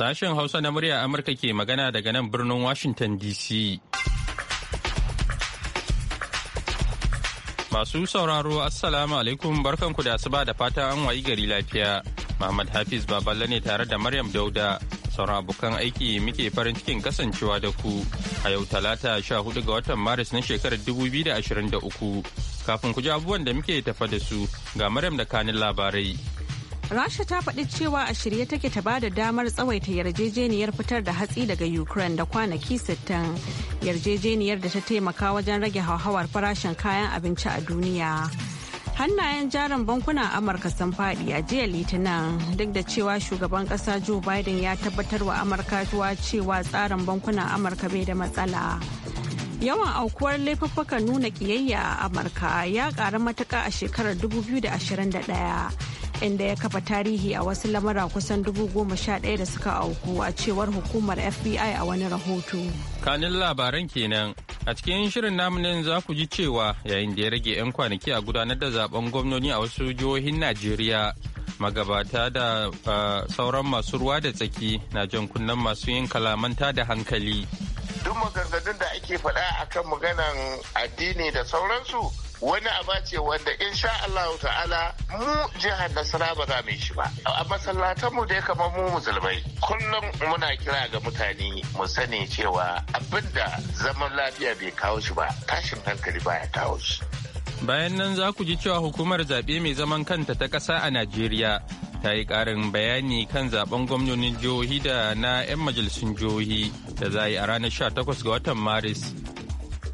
Sashen Hausa na murya Amurka ke magana daga nan birnin Washington DC. Masu sauraro Assalamu alaikum barkanku da asuba da fata an wayi gari lafiya. Muhammad Hafiz Baballe ne tare da Maryam Dauda. Sauran abokan aiki muke farin cikin kasancewa da ku a yau talata sha hudu ga watan Maris na shekarar dubu biyu da 2023. Kafin ku ji abubuwan da muke tafa da su ga Maryam da kanin labarai. Rasha ta faɗi cewa a shirye take ta bada damar tsawaita yarjejeniyar fitar da hatsi daga Ukraine da kwanaki 60 yarjejeniyar da ta taimaka wajen rage hauhawar farashin kayan abinci a duniya. Hannayen jarin bankunan Amurka sun faɗi a jiya Litinin duk da cewa shugaban ƙasa Joe Biden ya tabbatar wa Amurka cewa tsarin bankunan Amurka bai da matsala. yawan aukuwar laifuffukan nuna ƙiyayya a amurka ya ƙara matuka a shekarar 2021 inda ya kafa tarihi a wasu lamura kusan dubu goma sha ɗaya da suka auku a cewar hukumar FBI a wani rahoto. Kanin labaran kenan a cikin shirin namunin za ku ji cewa yayin da ya rage 'yan kwanaki a gudanar da zaben gwamnoni a wasu jihohin Najeriya. Magabata da sauran masu ruwa da tsaki na jan kunnen masu yin kalamanta da hankali. Duk maganganun da ake faɗa akan maganan addini da sauransu wani aba ce wanda in sha Allah ta'ala mu jihar Nasara ba za mu shi ba a masallatan mu ya kamar mu musulmai kullum muna kira ga mutane mu sani cewa abinda zaman lafiya bai kawo shi ba tashin hankali baya kawo shi bayan nan za ku ji cewa hukumar zaɓe mai zaman kanta ta ƙasa a najeriya ta yi ƙarin bayani kan zaben gwamnonin jihohi da na 'yan majalisun jihohi da za a yi a ranar 18 ga watan maris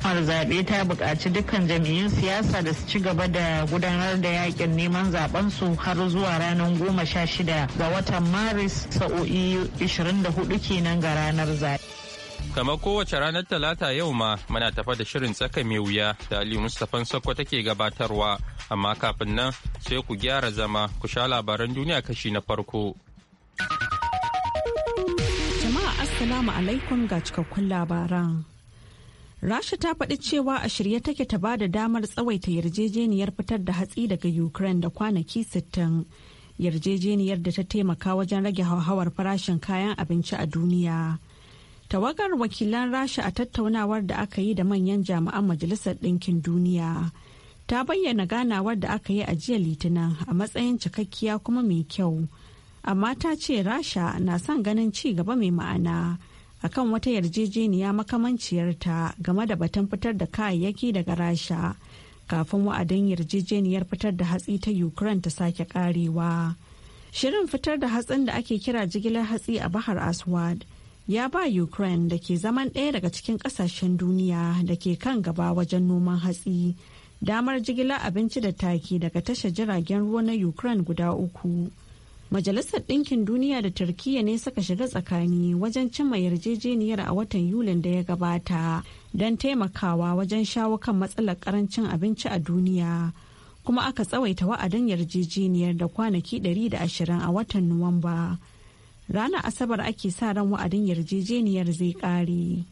kafar zaɓe ta buƙaci dukkan jam'iyyun siyasa da su ci gaba da gudanar da yakin neman zaben su har zuwa ranar goma sha shida ga watan maris sa'o'i 24 kenan ga ranar zaɓe. kamar kowace ranar talata yau ma muna tafa da shirin tsaka mai wuya da ali mustafan sakko take gabatarwa amma kafin nan sai ku gyara zama ku sha labaran duniya kashi na farko jama'a assalamu alaikum ga cikakkun labaran Rasha ta faɗi cewa a shirye take ta ba da damar tsawaita yarjejeniyar fitar da hatsi daga Ukraine da kwanaki 60. Yarjejeniyar da ta taimaka wajen rage hauhawar farashin kayan abinci a duniya. Tawagar wakilan Rasha a tattaunawar da aka yi da manyan jami'an Majalisar Ɗinkin Duniya. Ta bayyana ganawar da aka yi a jiya Litinin a matsayin cikakkiya kuma mai kyau. Amma ta ce Rasha na son ganin ci gaba mai ma'ana. akan wata yarjejeniya makamanciyarta game da batun fitar da kayayyaki daga rasha kafin wa'adin yarjejeniyar fitar da hatsi ta ukraine ta sake karewa shirin fitar da hatsin da ake kira jigilar hatsi a bahar aswad ya ba ukraine da ke zaman ɗaya daga cikin ƙasashen duniya da ke kan gaba wajen noman hatsi damar jigilar abinci da taki daga tashar jiragen ruwa na ukraine guda uku. Majalisar Ɗinkin Duniya da Turkiyya ne suka shiga tsakani wajen cimma yarjejeniyar a watan Yulin da ya gabata don taimakawa wajen shawo kan matsalar karancin abinci a duniya. Kuma aka tsawaita wa'adin yarjejeniyar da kwanaki 120 a watan Nuwamba. Ranar Asabar ake sa ran wa'adin yarjejeniyar zai ƙare.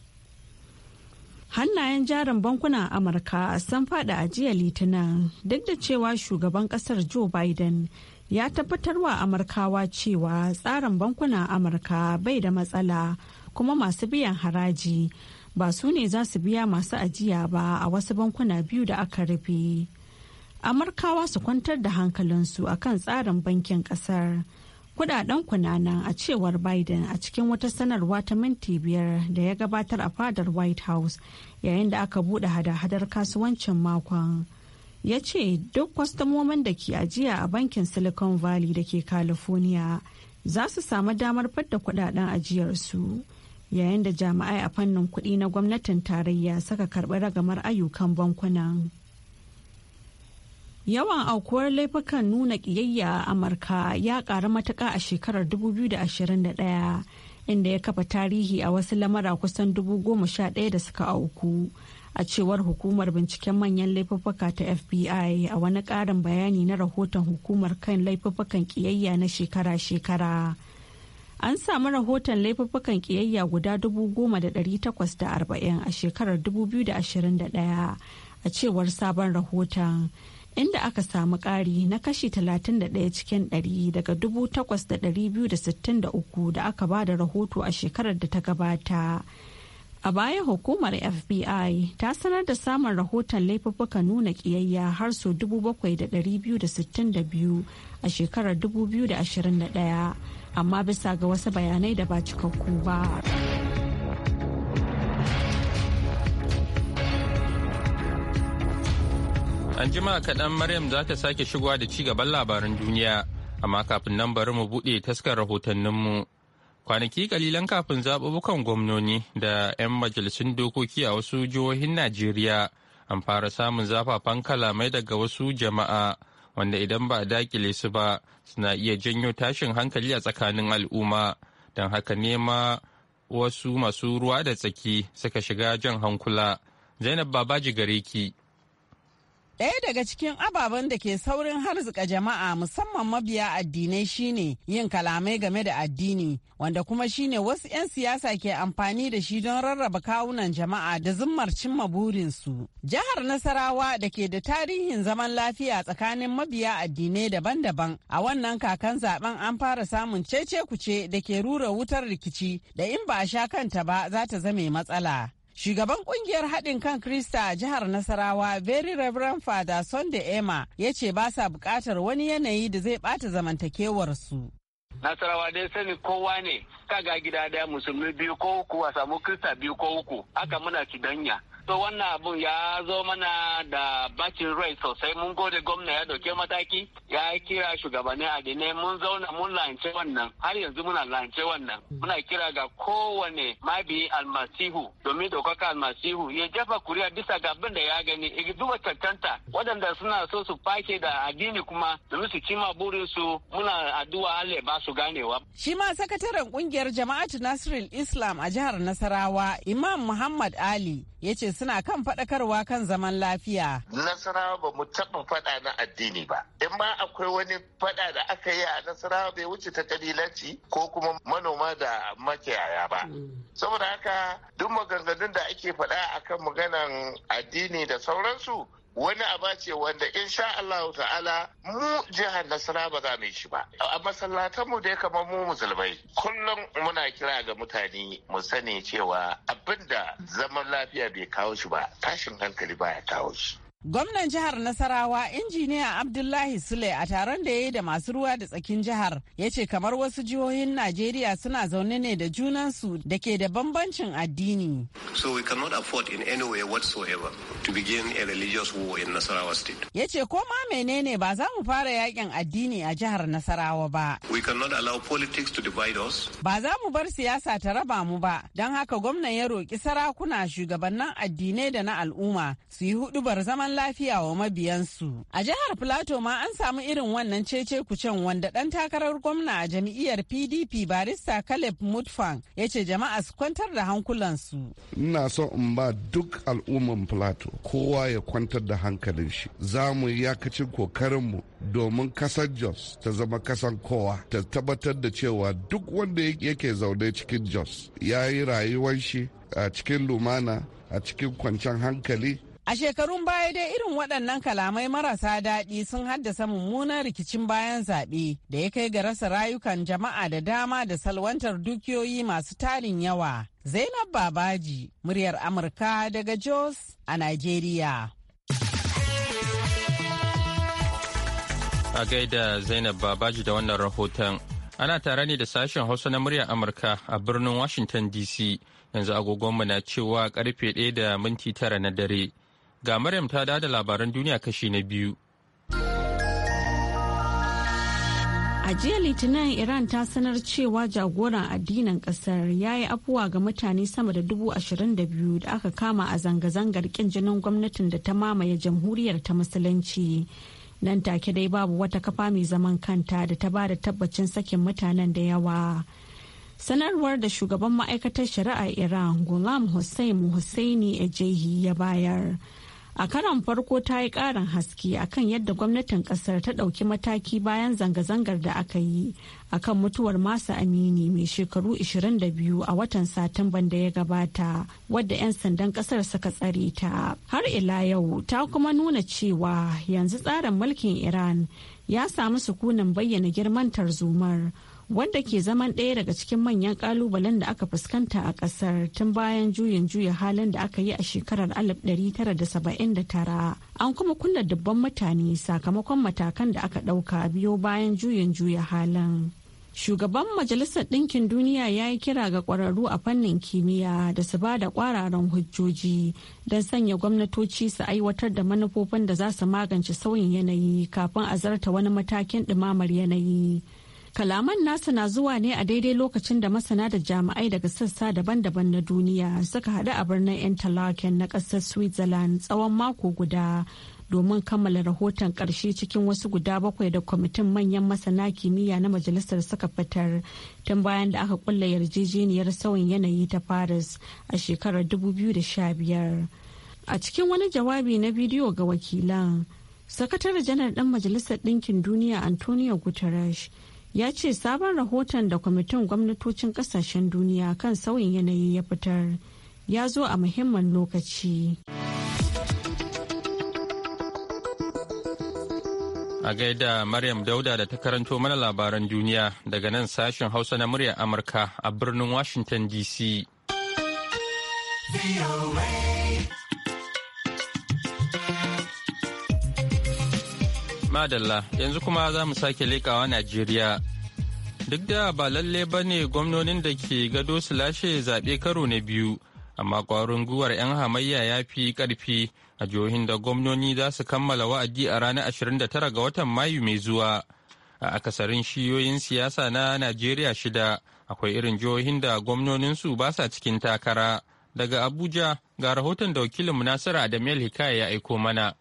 Hannayen jarin bankunan Amurka sun faɗi a jiya Litinin duk da cewa shugaban ƙasar Joe Biden. ya tabbatar wa amurkawa cewa tsarin bankunan amurka bai da matsala kuma masu biyan haraji ba su ne za su biya masu ajiya ba a wasu bankuna biyu da aka rufe amurkawa su kwantar da hankalinsu a kan tsarin bankin kasar kudaden kunanan a cewar biden a cikin wata sanarwa ta minti biyar da ya gabatar a fadar white house yayin da aka bude hada-hadar kasuwancin makon ya ce duk kwastomomin da ke ajiya a bankin silicon valley da ke california za su samu damar fadda kudaden ajiyarsu yayin da jami'ai a fannin kudi na gwamnatin tarayya suka karɓi ragamar ayyukan bankunan yawan aukuwar laifukan nuna ƙiyayya a amurka ya karu matuka a shekarar 2021 inda ya kafa tarihi a wasu lamara kusan dubu da suka auku a cewar hukumar binciken manyan laifuffuka ta fbi a wani ƙarin bayani na rahoton hukumar kan laifuffukan ƙiyayya na shekara-shekara an samu rahoton laifuffukan ƙiyayya guda 10,840 a shekarar 2021 a cewar sabon rahoton inda aka samu ƙari na kashi 31 cikin 100 daga 8,263 da aka ba da rahoto a shekarar da ta gabata. A baya hukumar FBI ta sanar da samun rahoton laifuffuka nuna kiyayya har su 7,262 a shekarar 2021 amma bisa ga wasu bayanai da ba cikakku ba. An jima kaɗan Maryam za ta sake shigowa da ci gaban labaran duniya, amma kafin nan bari mu buɗe taskar rahotanninmu. kwanaki kalilan kafin zaɓuɓɓukan gwamnoni da 'yan majalisun dokoki a wasu jihohin najeriya an fara samun zafafan kalamai daga wasu jama'a wanda idan ba a dakile su ba suna iya janyo tashin hankali a tsakanin al'umma don haka nema wasu masu ruwa da tsaki suka shiga jan hankula zainab babaji gare ki Ɗaya daga cikin ababen da ke saurin harzika jama'a musamman mabiya addinai shine yin kalamai game da addini wanda kuma shine wasu 'yan siyasa ke amfani da shi don rarraba kawunan jama'a da zummar cimma burinsu. Jihar Nasarawa da ke da tarihin zaman lafiya tsakanin mabiya addinai daban-daban a wannan kakan zaben an fara samun cece kuce da ke rura wutar rikici da in ba a sha kanta ba za ta zame matsala. Shugaban kungiyar haɗin kan Krista a jihar Nasarawa, Very Reverend Father Sunday Emma, ya ce ba sa buƙatar wani yanayi da zai ɓata zamantakewarsu. Nasarawa dai sani kowa ne, ka ga gida daya musulmi biyu ko uku a samu Krista biyu ko uku, haka muna danya. to wannan abun ya zo mana da bacin rai sosai mun gode gwamna ya dauke mataki ya kira shugabannin adinai mun zauna mun lance wannan har yanzu muna lance wannan muna kira ga kowane mabi almasihu domin dokaka almasihu ya jefa kuriya bisa ga abin da ya gani ya duba cancanta waɗanda suna so su fake da addini kuma domin su cima burin su muna addu'a Allah ba su ganewa. Shi ma sakataren kungiyar jama'atu Nasirul Islam a jihar Nasarawa Imam Muhammad Ali ya ce suna kan faɗakarwa kan zaman lafiya. Nasarawa ba mu taɓa faɗa na addini ba. In ma akwai wani faɗa da aka yi a Nasarawa bai wuce ta kabilanci ko kuma manoma da makiyaya ba. Mm. Saboda haka duk maganganun da ake faɗa akan maganan addini da sauransu wani aba ce wanda in sha Allah ta'ala mu jihar Nasara ba za mu yi shi ba a masallatan mu dai kamar mu musulmai kullum muna kira ga mutane mu sani cewa abinda zaman lafiya bai kawo shi ba tashin hankali baya kawo shi Gwamnan jihar Nasarawa injiniya Abdullahi Sule a taron da ya yi da masu ruwa da tsakin jihar ya ce kamar wasu jihohin Najeriya suna zaune ne da junansu da ke da bambancin addini. So we cannot afford in any way whatsoever to begin a religious war in Nasarawa state. Ya ce ko ma menene ba za mu fara yakin addini a jihar Nasarawa ba. We cannot allow politics to divide us. Ba za mu bar siyasa ta raba mu ba don haka gwamnan ya roki sarakuna shugabannin addinai da na al'umma su yi bar zaman lafiya wa mabiyansu. A jihar Filato ma an samu irin wannan cece kucen wanda ɗan takarar gwamna a jam'iyyar PDP barista Caleb Mutfang ya ce jama'a su kwantar da hankulansu. Ina so in ba duk al'umman Filato kowa ya kwantar da hankalin shi. Za mu yakacin kokarinmu domin kasar Jos ta zama kasan kowa ta tabbatar da cewa duk wanda yake zaune cikin Jos ya yi rayuwar shi a cikin lumana a cikin kwancen hankali A shekarun baya dai irin waɗannan kalamai marasa daɗi sun haddasa mummunan rikicin bayan zaɓe da ya kai ga rasa rayukan jama'a da dama da salwantar dukiyoyi masu tarin yawa. Zainab Babaji, muryar Amurka daga Jos a Najeriya. A gaida Zainab Babaji da wannan rahoton. Ana tare ne da sashen Hausa na muryar Amurka a birnin Washington DC. Yanzu agogonmu na cewa karfe ɗaya da minti tara na dare. Ga Maryam ta da labaran duniya kashi na biyu. A jiya Litinin Iran ta sanar cewa jagoran addinin kasar ya yi afuwa ga mutane sama da dubu ashirin da biyu da aka kama a zanga-zangar kin jinin gwamnatin da ta mamaye jamhuriyar ta musulunci. Nan take dai babu wata kafa mai zaman kanta da ta ba da tabbacin sakin mutanen da yawa. Sanarwar da shugaban ma'aikatar shari'a Iran Ghulam Hussein Hussaini Ejehi ya bayar. a karon farko ta yi karin haske akan yadda gwamnatin kasar ta ɗauki mataki bayan zanga-zangar da aka yi akan mutuwar masa amini mai shekaru 22 a watan satumban da ya gabata wadda 'yan sandan kasar suka tsare ta har ila yau ta kuma nuna cewa yanzu tsarin mulkin iran ya samu sukunin bayyana girman zumar. wanda ke zaman ɗaya daga cikin manyan ƙalubalen da aka fuskanta a ƙasar tun bayan juyin juya halin da aka yi a shekarar 1979 an kuma kunna dubban mutane sakamakon matakan da aka ɗauka biyo bayan juyin juya halin. shugaban majalisar ɗinkin duniya ya yi kira ga ƙwararru a fannin kimiyya da su ba da ƙwararan hujjoji don sanya gwamnatoci su aiwatar da manufofin da za su magance sauyin yanayi kafin a zarta wani matakin ɗumamar yanayi Kalaman nasa na zuwa ne a daidai lokacin da masana da jami'ai daga sassa daban-daban na duniya suka haɗu a birnin Interlaken na ƙasar Switzerland tsawon mako guda domin kammala rahoton ƙarshe cikin wasu guda bakwai da kwamitin manyan masana kimiyya na majalisar suka fitar tun bayan da aka kulla yarjejeniyar sauyin yanayi ta Paris a shekarar 2015. A cikin wani jawabi na bidiyo ga wakilan, Sakatare janar ɗan Majalisar Ɗinkin Duniya Antonio Guterres ya ce sabon rahoton da kwamitin gwamnatocin kasashen duniya kan sauyin yanayi ya fitar ya zo a muhimman lokaci. A gaida Maryam Dauda da ta karanto mana labaran duniya daga nan sashen Hausa na muryar Amurka a birnin Washington DC. Madalla yanzu kuma za mu sake likawa Najeriya. Duk da ba lalle ba ne gwamnonin da ke gado su lashe zaɓe karo na biyu, amma ƙwarin guwar 'yan hamayya ya fi ƙarfi a jihohin da gwamnoni za su kammala wa'adi a ranar 29 ga watan Mayu mai zuwa. A akasarin shiyoyin siyasa na Najeriya shida akwai irin jihohin da gwamnoninsu ba sa cikin takara. Daga Abuja ga rahoton da wakilin Nasiru Adamiyal Hikaya ya aiko mana.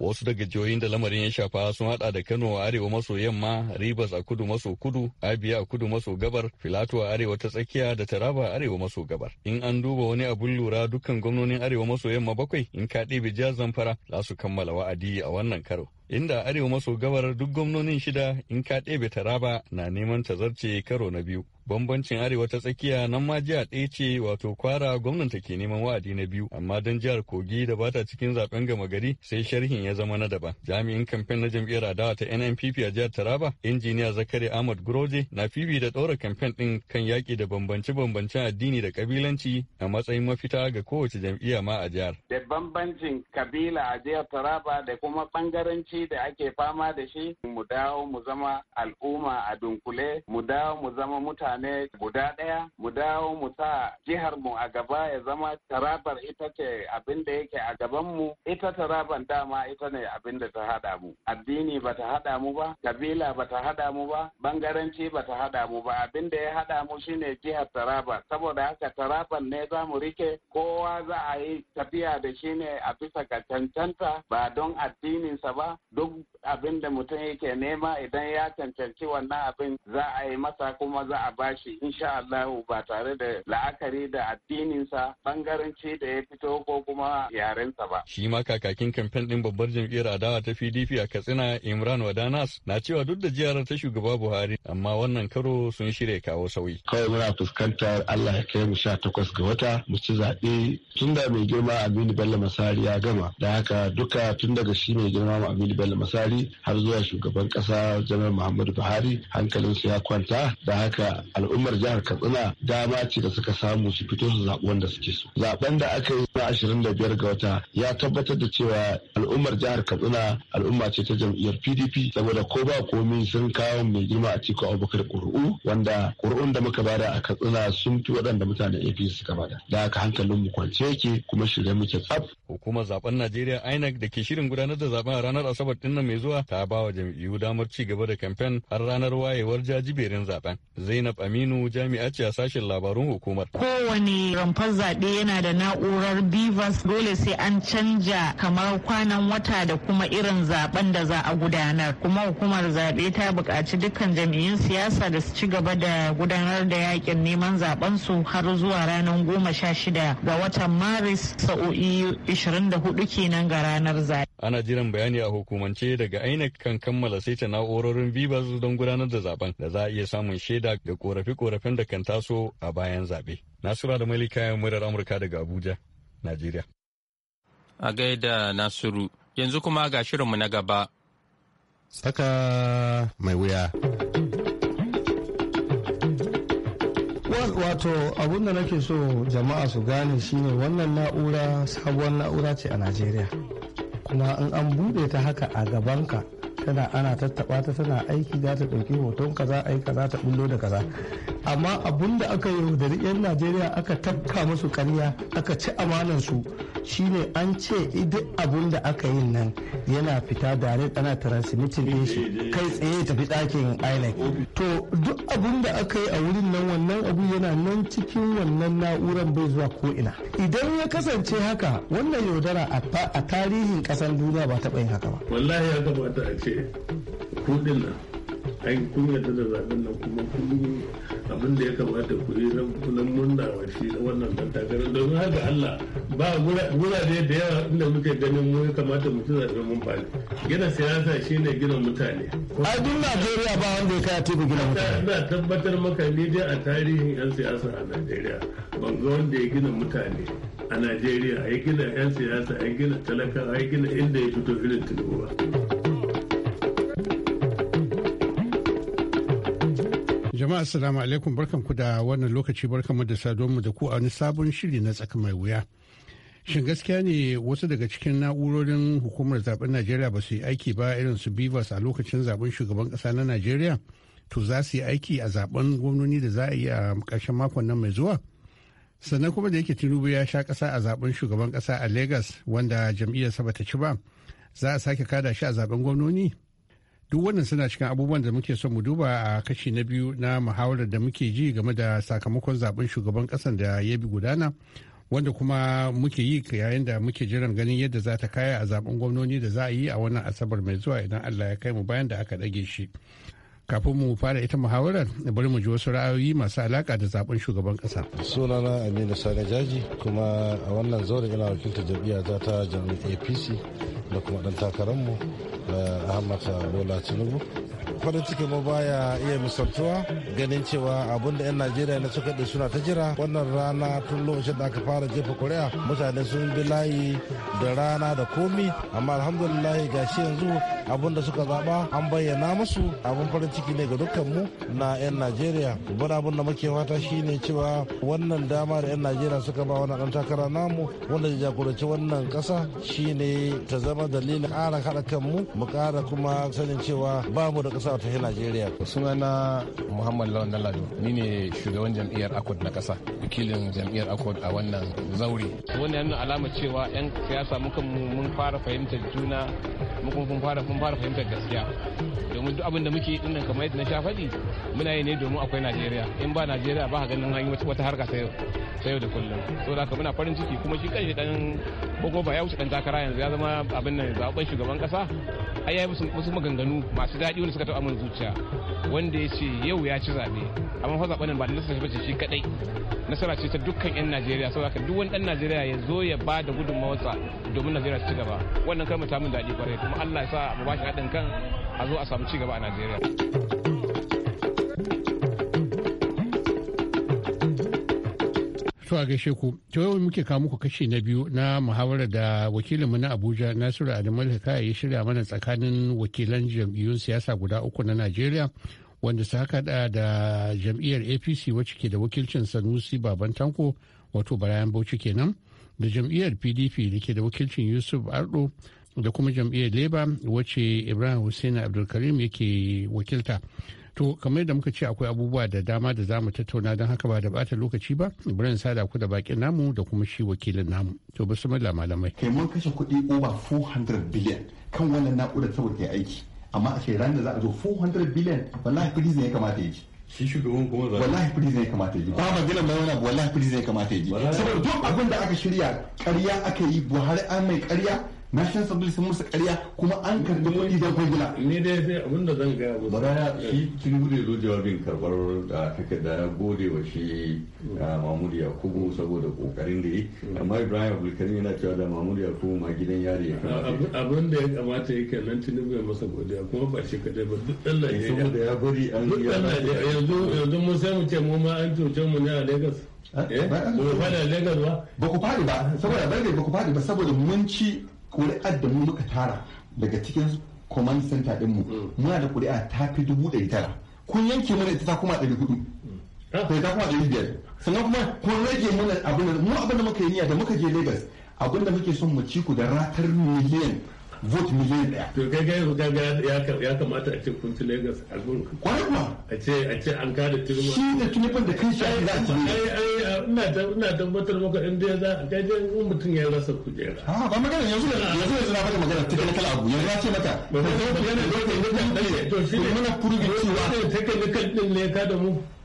Wasu daga jihohin da lamarin ya shafa sun hada da Kano a arewa maso yamma, Rivers a kudu maso kudu, Abia a kudu maso gabar, Filato a arewa ta tsakiya da Taraba a arewa maso gabar. In an duba wani abun lura dukkan gwamnonin arewa maso yamma bakwai in ka ɗebe jihar Zamfara za su kammala wa'adi a wannan karo. inda arewa maso gabar duk gwamnonin shida in ka ɗebe taraba na neman ta zarce karo na biyu bambancin arewa ta tsakiya nan ma jiya ɗaya ce wato kwara gwamnati ke neman wa'adi na biyu amma don jihar kogi da bata cikin zaben gama gari sai sharhin ya zama na daban jami'in kamfen na jam'iyyar adawa ta nnpp a jihar taraba injiniya zakari ahmad Guroje, na fifi da ɗaura kamfen ɗin kan yaƙi da bambance-bambancen addini da kabilanci a matsayin mafita ga kowace jam'iyya ma a jihar. da bambancin kabila a jihar taraba da kuma ɓangaranci da ake fama da shi mu dawo mu zama al'umma a dunkule mu dawo mu zama mutane mutane guda ɗaya mu dawo mu sa jihar mu a gaba ya zama tarabar ita ce abin da yake a gaban mu ita taraban dama ita ne abin da ta haɗa mu addini ba ta haɗa mu ba kabila ba ta haɗa mu ba bangaranci ba ta haɗa mu ba abin da ya haɗa mu shine jihar taraba saboda haka taraban ne za mu rike kowa za a yi tafiya da shi ne a bisa ga cancanta ba don addininsa ba duk abin da mutum yake nema idan ya cancanci wannan abin za a yi masa kuma za a ba bashi insha Allah ba tare da la'akari da addininsa bangaranci da ya fito ko kuma yarensa ba. Shi ma kakakin kamfen ɗin babbar jam'iyyar adawa ta PDP a Katsina Imran Wadanas na cewa duk da jiyarar ta shugaba Buhari amma wannan karo sun shirya kawo sauyi. Kawai muna fuskantar Allah ya kai mu sha takwas ga wata mu ci zaɓe tun da mai girma Aminu Bello Masari ya gama da haka duka tun daga shi mai girma Aminu Bello Masari har zuwa shugaban ƙasa Janar Muhammadu Buhari hankalinsu ya kwanta da haka al'ummar jihar katsina dama ce da suka samu su fito su zaɓi wanda suke so zaɓen da aka yi na ashirin da biyar ga wata ya tabbatar da cewa al'ummar jihar katsina al'umma ce ta jam'iyyar pdp saboda ko ba komi sun kawo mai girma a cikin abubakar ƙuri'u wanda ƙuri'un da muka bada a katsina sun fi waɗanda mutanen apc suka bada da haka hankalin mu kwance yake kuma shirye muke tsaf hukumar zaɓen najeriya inec da ke shirin gudanar da zaɓen a ranar asabar ɗin mai zuwa ta ba wa jam'iyyu damar ci gaba da kamfen har ranar wayewar jajiberin zaɓen zainab Aminu jami'a ce a sashen labarun hukumar. Kowane rumfar zaɓe yana da na'urar Bivas dole sai an canja kamar kwanan wata da kuma irin zaben da za a gudanar. Kuma hukumar zaɓe ta buƙaci dukkan jami'in siyasa da su ci gaba da gudanar da yakin neman zaben su har zuwa ranar goma sha shida ga watan Maris sa'o'i ishirin da hudu kenan ga ranar zaɓe. Ana jiran bayani a hukumance daga INEC kan kammala saita na'urorin Bivas don gudanar da zaben da za a iya samun shaida ga korafe-korafen da kan taso a bayan zabe Nasura da kayan murar Amurka daga Abuja, Najeriya. A gaida Nasiru, yanzu kuma ga shirinmu na gaba. Saka mai wuya. wato abun da nake so jama'a su gane shine wannan na'ura sabuwar na'ura ce a najeriya kuma in an bude ta haka a gabanka tana ana tattaɓa ta tana aiki za ta ɗauki hoton kaza ai kaza ta bullo da kaza amma abun da aka yi da 'yan najeriya aka tafka musu karya aka ci amanansu shine an ce duk abun da aka yi nan yana fita da ana transmitin din shi kai tsaye tafi ɗakin inec to duk abun da aka yi a wurin nan wannan abu yana nan cikin wannan na'urar bai zuwa ko ina idan ya kasance haka wannan yaudara a tarihin ƙasar duniya ba taɓa yin haka ba wallahi ya gabata a ce kudin nan an kun yarda da zaben nan kuma kullum abin da ya kamata ku yi nan murna wa shi wannan dan takara don haka Allah ba gurare da yawa inda muke ganin mu ya kamata mu ci zaben mun fadi gina siyasa shine gina mutane a duk Najeriya ba wanda ya kai teku gina mutane ina tabbatar maka ni dai a tarihin yan siyasa a Najeriya ban ga wanda ya gina mutane a Najeriya a gina yan siyasa a gina talaka a gina inda ya fito irin tunuwa. jama'a assalamu alaikum ku da wannan lokaci mu da mu da ku a wani sabon shiri na tsaka mai wuya shin gaskiya ne wasu daga cikin na'urorin hukumar zaben najeriya ba su yi aiki ba irin su bivas a lokacin zaben shugaban kasa na najeriya to za su yi aiki a zaben gwamnoni da za a yi a karshen makon nan mai zuwa sannan kuma da yake tinubu ya sha kasa a zaben shugaban kasa a lagos wanda jam'iyyarsa ta ci ba za a sake kada shi a zaben gwamnoni duk wannan suna cikin abubuwan da muke son mu duba a kashi na biyu na muhawarar da muke ji game da sakamakon zaben shugaban kasan da ya bi gudana wanda kuma muke yi yayin da muke jiran ganin yadda za ta kaya a zaben gwamnoni da za a yi a wannan asabar mai zuwa idan allah ya kai mu bayan da aka ɗage shi kafin mu fara ita muhawarar bari mu ji wasu ra'ayoyi masu alaka da zaben shugaban kasa sunana aminu sani jaji kuma a wannan zaure ina wakiltar jam'iyya za ta jami'ar apc da kuma dan takararmu eh, ahmad bola tinubu farin ciki mu baya iya misaltuwa ganin cewa abun da 'yan najeriya na suka ɗi suna ta jira wannan rana tun lokacin da aka fara jefa kuri'a mutane sun bi layi da rana da komi amma alhamdulillah ga shi yanzu abun da suka zaba an bayyana musu abun farin ciki ne ga dukkan mu na 'yan najeriya babban abun da muke fata shine cewa wannan dama da 'yan najeriya suka ba wani dan takara namu wanda ya jagoranci wannan ƙasa shine ta zama dalilin ƙara haɗa kanmu mu kara kuma sanin cewa ba mu da kasa ta Najeriya. Suna na Muhammad Lawan Dalado, ni ne shugaban jam'iyyar Akwad na kasa, wakilin jam'iyyar Akwad a wannan zaure. Wannan yana alama cewa 'yan siyasa muka mun fara fahimtar juna, muka mun fara fahimtar gaskiya. Domin duk abin da muke yi dinnan kamar yadda na sha faɗi, muna yi ne domin akwai Najeriya. In ba Najeriya ba ka ganin an wata wata harka sai yau da kullum. Saboda haka muna farin ciki kuma shi kanshi dan ko ba ya wuce dan takara yanzu ya zama abin nan zaɓen shugaban kasa Ai ya yi wasu maganganu masu daɗi wanda suka taɓa min zuciya wanda ya ce yau ya ci zaɓe amma fa zaɓen ba da nasara bace shi kadai nasara ce ta dukkan 'yan najeriya saboda haka duk wani dan najeriya ya zo ya ba da gudunmawarsa domin najeriya ta ci gaba wannan karmata mun daɗi kwarai kuma allah ya sa mu ba shi haɗin kan a zo a samu ci gaba a najeriya. To a gaishe ku, to yau muke kawo muku kashi na biyu na muhawara da wakilinmu na Abuja Nasiru Adamu haka ya shirya mana tsakanin wakilan jam'iyyun siyasa guda uku na Najeriya wanda su haka da da jam'iyyar APC wacce ke da wakilcin Sanusi Baban Tanko wato Barayan Bauchi kenan da jam'iyyar PDP da ke da wakilcin Yusuf Ardo da kuma jam'iyyar Labour wacce Ibrahim Hussein Abdulkarim yake wakilta. To kamar da muka ce akwai abubuwa da dama da zamu tattauna don haka ba da bata lokaci ba burin sada ku da bakin namu da kuma shi wakilin namu. To bismillah malamai. Kai mun kashe kuɗi over 400 billion kan wannan na'urar saboda ta aiki amma a ranar da za a zo 400 billion wallahi ne ya kamata ya ji. shi shugaban kuma a wallahi ne ya kamata yi ba magana mai wani wallahi ne ya kamata yi saboda duk abin da aka shirya ƙarya aka yi Buhari an mai ƙarya national assembly sun musu karya kuma an karbi kuɗi don kwangila ni dai sai abin da zan gaya musu bara ya shi cikin da zo jawabin karɓar da ah, take da gode wa shi ah, Mamudu yakubu saboda kokarin da yi mm. amma ibrahim abdulkarim yana cewa da Mamudu yakubu ma gidan yari ya kamata abin da ya kamata ya kenan tinubu ya masa godiya kuma ba shi kadai ba duk allah ya eh, saboda ya bari an yi yanzu yanzu mun sai mu ce mu ma an cuce mu ne a lagos ah, eh, ba ku fada lagos ba ba ku fadi ba saboda ba ku fadi ba saboda mun ci kuri'ar da mu muka tara daga cikin command center din mu mm. muna da kuri'a ta fi dubu ɗari tara kun yanke mana ita ta kuma ɗari hudu sai ah. ta kuma ɗari biyar sannan kuma kun rage mana abin da mu abin da muka yi niyya da muka je Lagos abin da muke son mu ci ku da ratar miliyan vote miliyan daya. To kai kai gaggai ya kamata a ce kun ci Lagos albun. Kwarai kuwa. A ce a ce an kada turma. Shi da tunifan da kai shi za a ci. Ai ina ina tabbatar maka in dai za a in mutum ya rasa kujera. Ah ba magana yanzu yanzu na magana abu yanzu ya ce maka. Ba ta ba ta ba ba ta ba ba ba ba ba ba ba ba ba Ta ba ba ba ba ba ba ba ba ta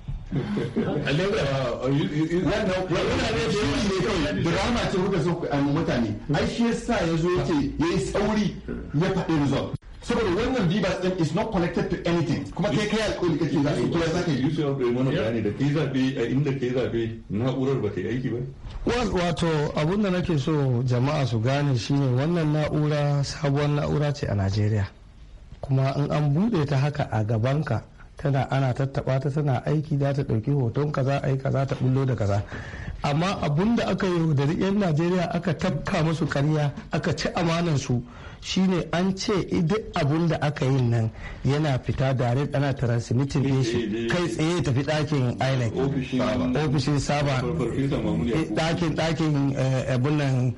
drama ce kuka so ku mutane ai shi yasa ya zo yake ya tsauri ya faɗi result saboda wannan bibas din is not connected to anything kuma kai kai alƙawari kake za ka to ya saka yi yusuf da mana bayani da kai zabe a inda kai zabe na'urar ba ta aiki ba wato abun da nake so jama'a su gane shine wannan na'ura sabuwar na'ura ce a Najeriya kuma in an buɗe ta haka a gabanka tana ana tattaba ta tana aiki za ta ɗauki hoton kaza a yi kaza ta bullo da kaza amma abun da aka yi da yan najeriya aka tafka musu karya aka ci amanan su shine an ce duk abun da aka yi nan yana fita dare ana transmitting ne shi eh, eh, eh. kai tsaye tafi ɗakin island ofishin saba ɗakin ɗakin abun nan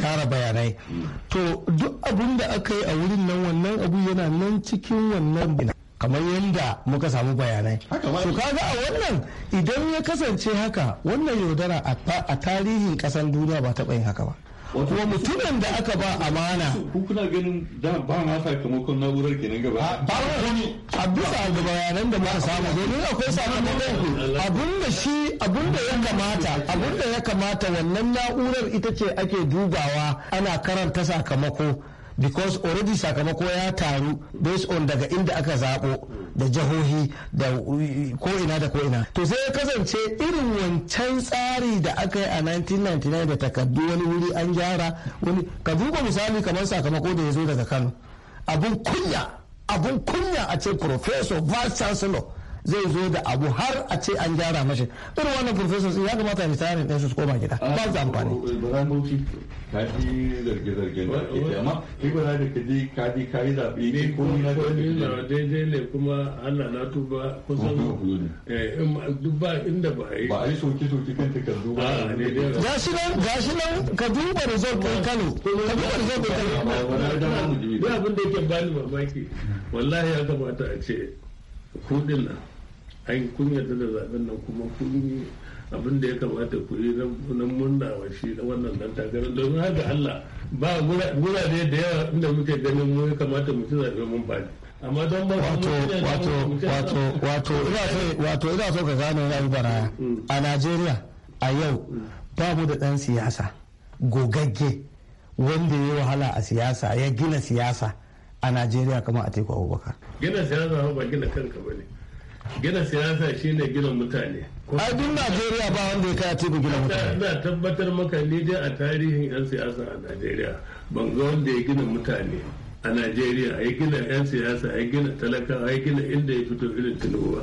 kara bayanai hmm. to duk abun da aka yi a wurin nan wannan abu yana nan cikin wannan kamar yadda muka samu bayanai to kaga a wannan idan ya kasance haka wannan yaudara a tarihin kasan duniya ba taɓa yin haka ba kuma mutumin da aka ba amana kuna ganin da ba ma sakamakon na'urar kenan gaba ba wani a bisa ga bayanan da muka samu domin akwai sakamakon abun shi abun ya kamata abun da ya kamata wannan na'urar ita ce ake dubawa ana karanta sakamako because already sakamako ya taru based on daga inda aka zaɓo da jihohi da ko'ina da ko'ina to sai ya kasance irin wancan tsari da aka yi a 1999 da takardu wani wuri an gyara wani ka duba misali kamar sakamako da ya zo daga kano abun kunya abun kunya a ce professor vice chancellor zai zo da abu har a ce an gyara mashi irin wannan professors ya kamata ya tare da su koma gida ba su amfani a ga shi nan ga shi nan ka duba result ɗin Kano ka duba result ɗin Kano abin da yake bani mamaki wallahi ya kamata a ce kudin nan ai kun yarda da zaben nan kuma kun yi abin da ya kamata ku yi na murna wa shi na wannan dan takara don haka Allah ba ne da yawa inda muke ganin mu ya kamata mu ci zaɓe mun ba amma don ba wato wato wato wato ina so wato ina so ka gano na bara mm. a Najeriya a yau ba mu da dan siyasa gogagge wanda ya wahala a siyasa ya gina siyasa a Najeriya kamar a teku Abubakar gina siyasa ba gina kanka ba ne. gina siyasa shine gina mutane a duk najeriya ba wanda ya kaya teku gina mutane ina tabbatar maka ni dai a tarihin yan siyasa a najeriya ban ga wanda ya gina mutane a najeriya ya gina yan siyasa ya gina talaka ya gina inda ya fito irin tinubu ba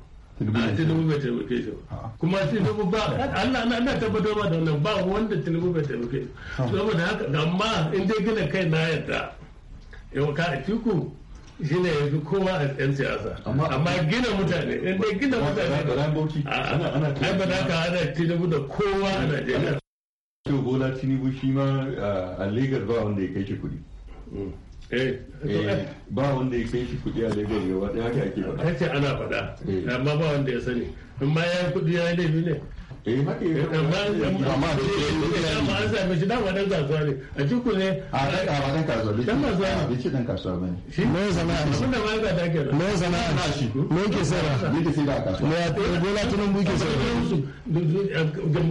tinubu bai taimake shi ba kuma tinubu ba allah na ana tabbatar ba da wannan ba wanda tinubu bai taimake shi saboda haka amma in dai gina kai na yadda yau ka atiku shi ne yanzu kowa a yan siyasa amma gina mutane in dai gina mutane ai ba da ka ana tinubu da kowa a najeriya. Bola Tinubu shi ma a Lagos ba wanda ya kai shi kuɗi. ba wanda ya kai shi kuɗi a Lagos gaba ɗaya haka ake faɗa. Kace ana faɗa amma ba wanda ya sani in ma ya kuɗi ya laifi ne. Eh haka ya faɗa amma da ke amma an same shi dama dan kasuwa ne a cikin ne. A kai a dan kasuwa Dan kasuwa ne. Bai dan kasuwa bane. Shi me sana'a ne. Sunda ma ga take da. Me sana'a ne shi. Me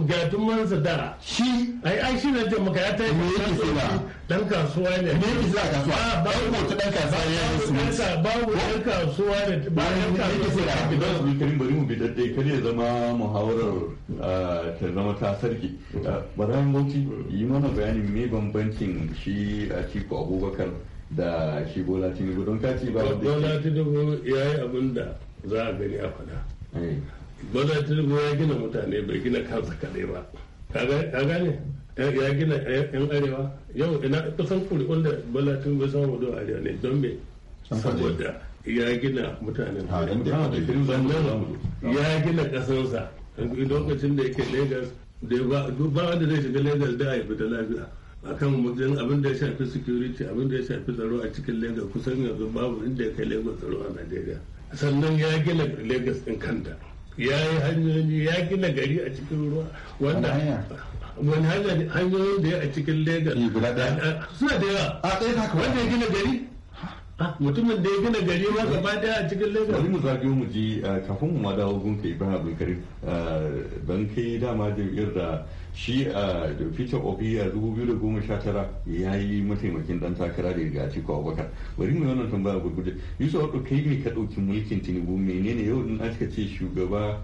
Ga tun sa Shi ai ai shi ne da ya ta. dan kasuwa ne ne ki za kasuwa ah, ba ko ta dan kasuwa ne musulunci ba ko dan kasuwa ne ba dan kasuwa ne ki dan bi karin bari mu bi dadde kar ya zama muhawarar ah, ta zama ta sarki ah, bayan gwamnati yi mana bayanin me bambancin shi a ciko abubakar da shi bola tinubu don kaci ba wanda bola tinubu ya yi abin da za a gani a fada eh. bola tinubu ya gina mutane bai gina kansa kaɗai ba ka gane ya gina yan arewa yau ina kusan kuri da bala tun bai samu don arewa ne don me saboda ya gina mutanen ya gina kasansa lokacin da yake lagos da ba wanda zai shiga lagos da ya fita lafiya akan mutum abin da ya shafi security abin da ya shafi tsaro a cikin lagos kusan yanzu babu inda ya kai lagos tsaro a najeriya sannan ya gina lagos din kanta ya yi hanyoyi ya gina gari a cikin ruwa wanda wani hanyoyi da ya a cikin Legas. Eh, eh, eh, suna da yawa. A tsaye ta Wanda ya gina gari? Mutumin da ya gina gari ma gaba daya a cikin Legas. wani mu mu ji kafin mu ma dawo gunka Ibrahim Abdulkarim. Ban kai dama yi da shi a Peter ofi a 2019 ya yi mataimakin dan takara da riga kawo bakar Bari mu wannan tambaya gurguje. Yusuf Abdul kai ne ka ɗauki mulkin Tinubu menene yau ɗin aka ce shugaba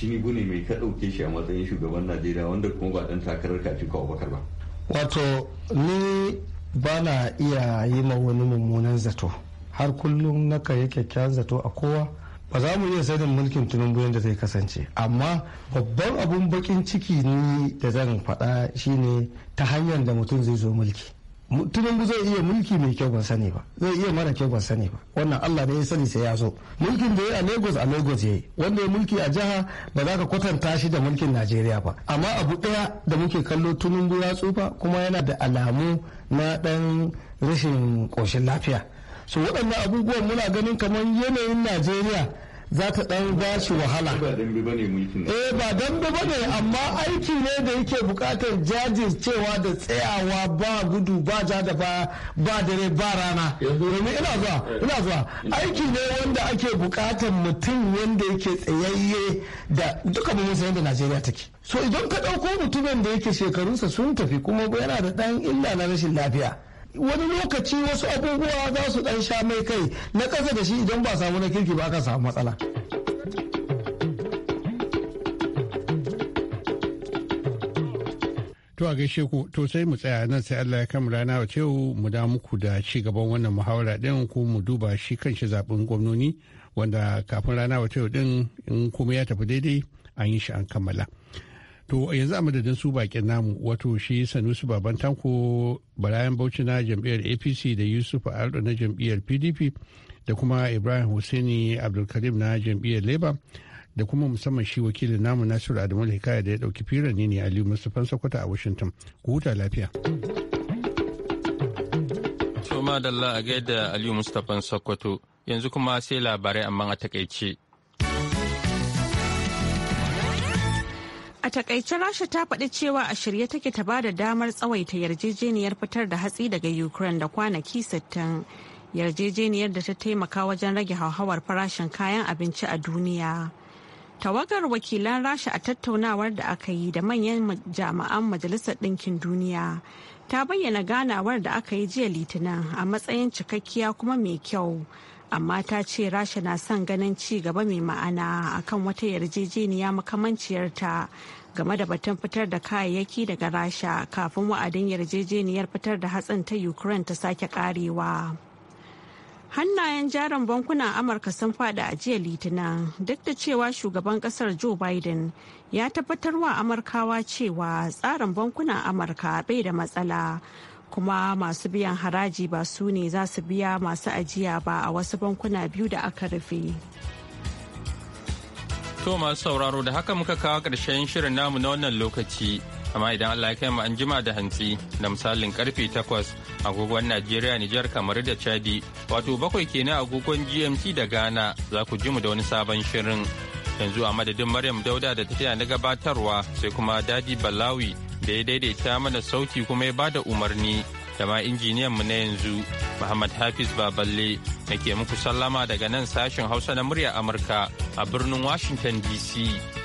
tinubu ne mai ka dauke shi a matsayin shugaban najeriya wanda kuma ba ɗan takarar kafin kawo bakar ba wato ni ba na iya yi ma wani mummunan zato har kullum na ka yi kyakkyawan zato a kowa ba za mu iya sanin mulkin tinubu yadda zai kasance amma babban abun bakin ciki ni da zan faɗa shine ta hanyar da mutum zai zo mulki tinubu zai iya mulki mai kyau ban sani ba zai iya mara kyau ban sani ba wannan allah ne ya sani sai ya so mulkin da ya a lagos a lagos ya yi wanda ya mulki a jiha ba za ka kwatanta shi da mulkin najeriya ba amma abu daya da muke kallo tunungu ya tsufa kuma yana da alamu na dan rashin koshin lafiya so waɗannan abubuwan muna ganin kamar yanayin najeriya za ka dan ba wahala eh ba dambe ba ne amma aiki ne da yake bukatar jajircewa da tsayawa ba gudu ba ja da ba dare ba rana domin ina zuwa ina zuwa aiki ne wanda ake bukatar mutum wanda yake tsayayye da duka ba mun da Najeriya take so idan ka ɗauko mutumin da yake shekarunsa sun tafi kuma yana da ɗan illa na rashin lafiya wani lokaci wasu abubuwa za su dan sha mai kai na ƙasa da shi idan ba samu na kirki ba aka samu matsala. To a gaishe ku to sai mu tsaya nan sai Allah ya kama rana wa mu da muku da ci gaban wannan muhawara din ko mu duba shi kanshi zaben gwamnoni wanda kafin rana wa din in kuma ya tafi daidai an yi shi an kammala. To yanzu a madadin su bakin namu wato shi Sanusi Baban Tanko Barayan Bauchi na jam'iyyar APC da Yusuf Aldo na jam'iyyar PDP da kuma Ibrahim Hussaini Abdulkarim na jam'iyyar Labour da kuma musamman shi wakilin namu Nasiru Adamu Hikaya da ya dauki firan ne ne Aliyu Mustapha Sokoto a Washington. Ku huta lafiya. To madalla a gaida Aliyu Mustapha Sokoto yanzu kuma sai labarai amma a takaice. A takaice Rasha ta faɗi cewa a shirye take ta bada damar tsawaita yarjejeniyar fitar da hatsi daga Ukraine da kwanaki 60 yarjejeniyar da ta taimaka wajen rage hauhawar farashin kayan abinci a duniya. Tawagar wakilan Rasha a tattaunawar da aka yi da manyan jami'an Majalisar Ɗinkin Duniya ta bayyana ganawar da aka yi jiya Litinin a matsayin cikakkiya kuma mai kyau amma ta ce rasha na son ganin ci gaba mai ma'ana akan wata yarjejeniya makamanciyar ta game da batun fitar da kayayyaki daga rasha kafin wa'adin yarjejeniyar fitar da hatsin ta ukraine ta sake karewa hannayen jaran bankunan amurka sun fada a jiya litinin duk da cewa shugaban kasar joe biden ya tabbatar wa amurkawa cewa tsarin bankunan amurka bai da matsala kuma masu biyan haraji ba su ne za su biya masu ajiya ba a wasu bankuna biyu da aka rufe. To masu sauraro da haka muka kawo ƙarshen shirin namu na wannan lokaci. Amma idan Allah ya kai mu an jima da hantsi da misalin karfe takwas agogon Najeriya Nijar kamar da Chadi wato bakwai kenan agogon GMT da Ghana za ku ji mu da wani sabon shirin. Yanzu a madadin Maryam Dauda da ta na gabatarwa sai kuma Dadi Balawi da ya daidaita mana sauti kuma ya bada umarni da ma mu na yanzu Muhammad Hafiz Baballe nake muku sallama daga nan sashen Hausa na murya Amurka a birnin Washington DC.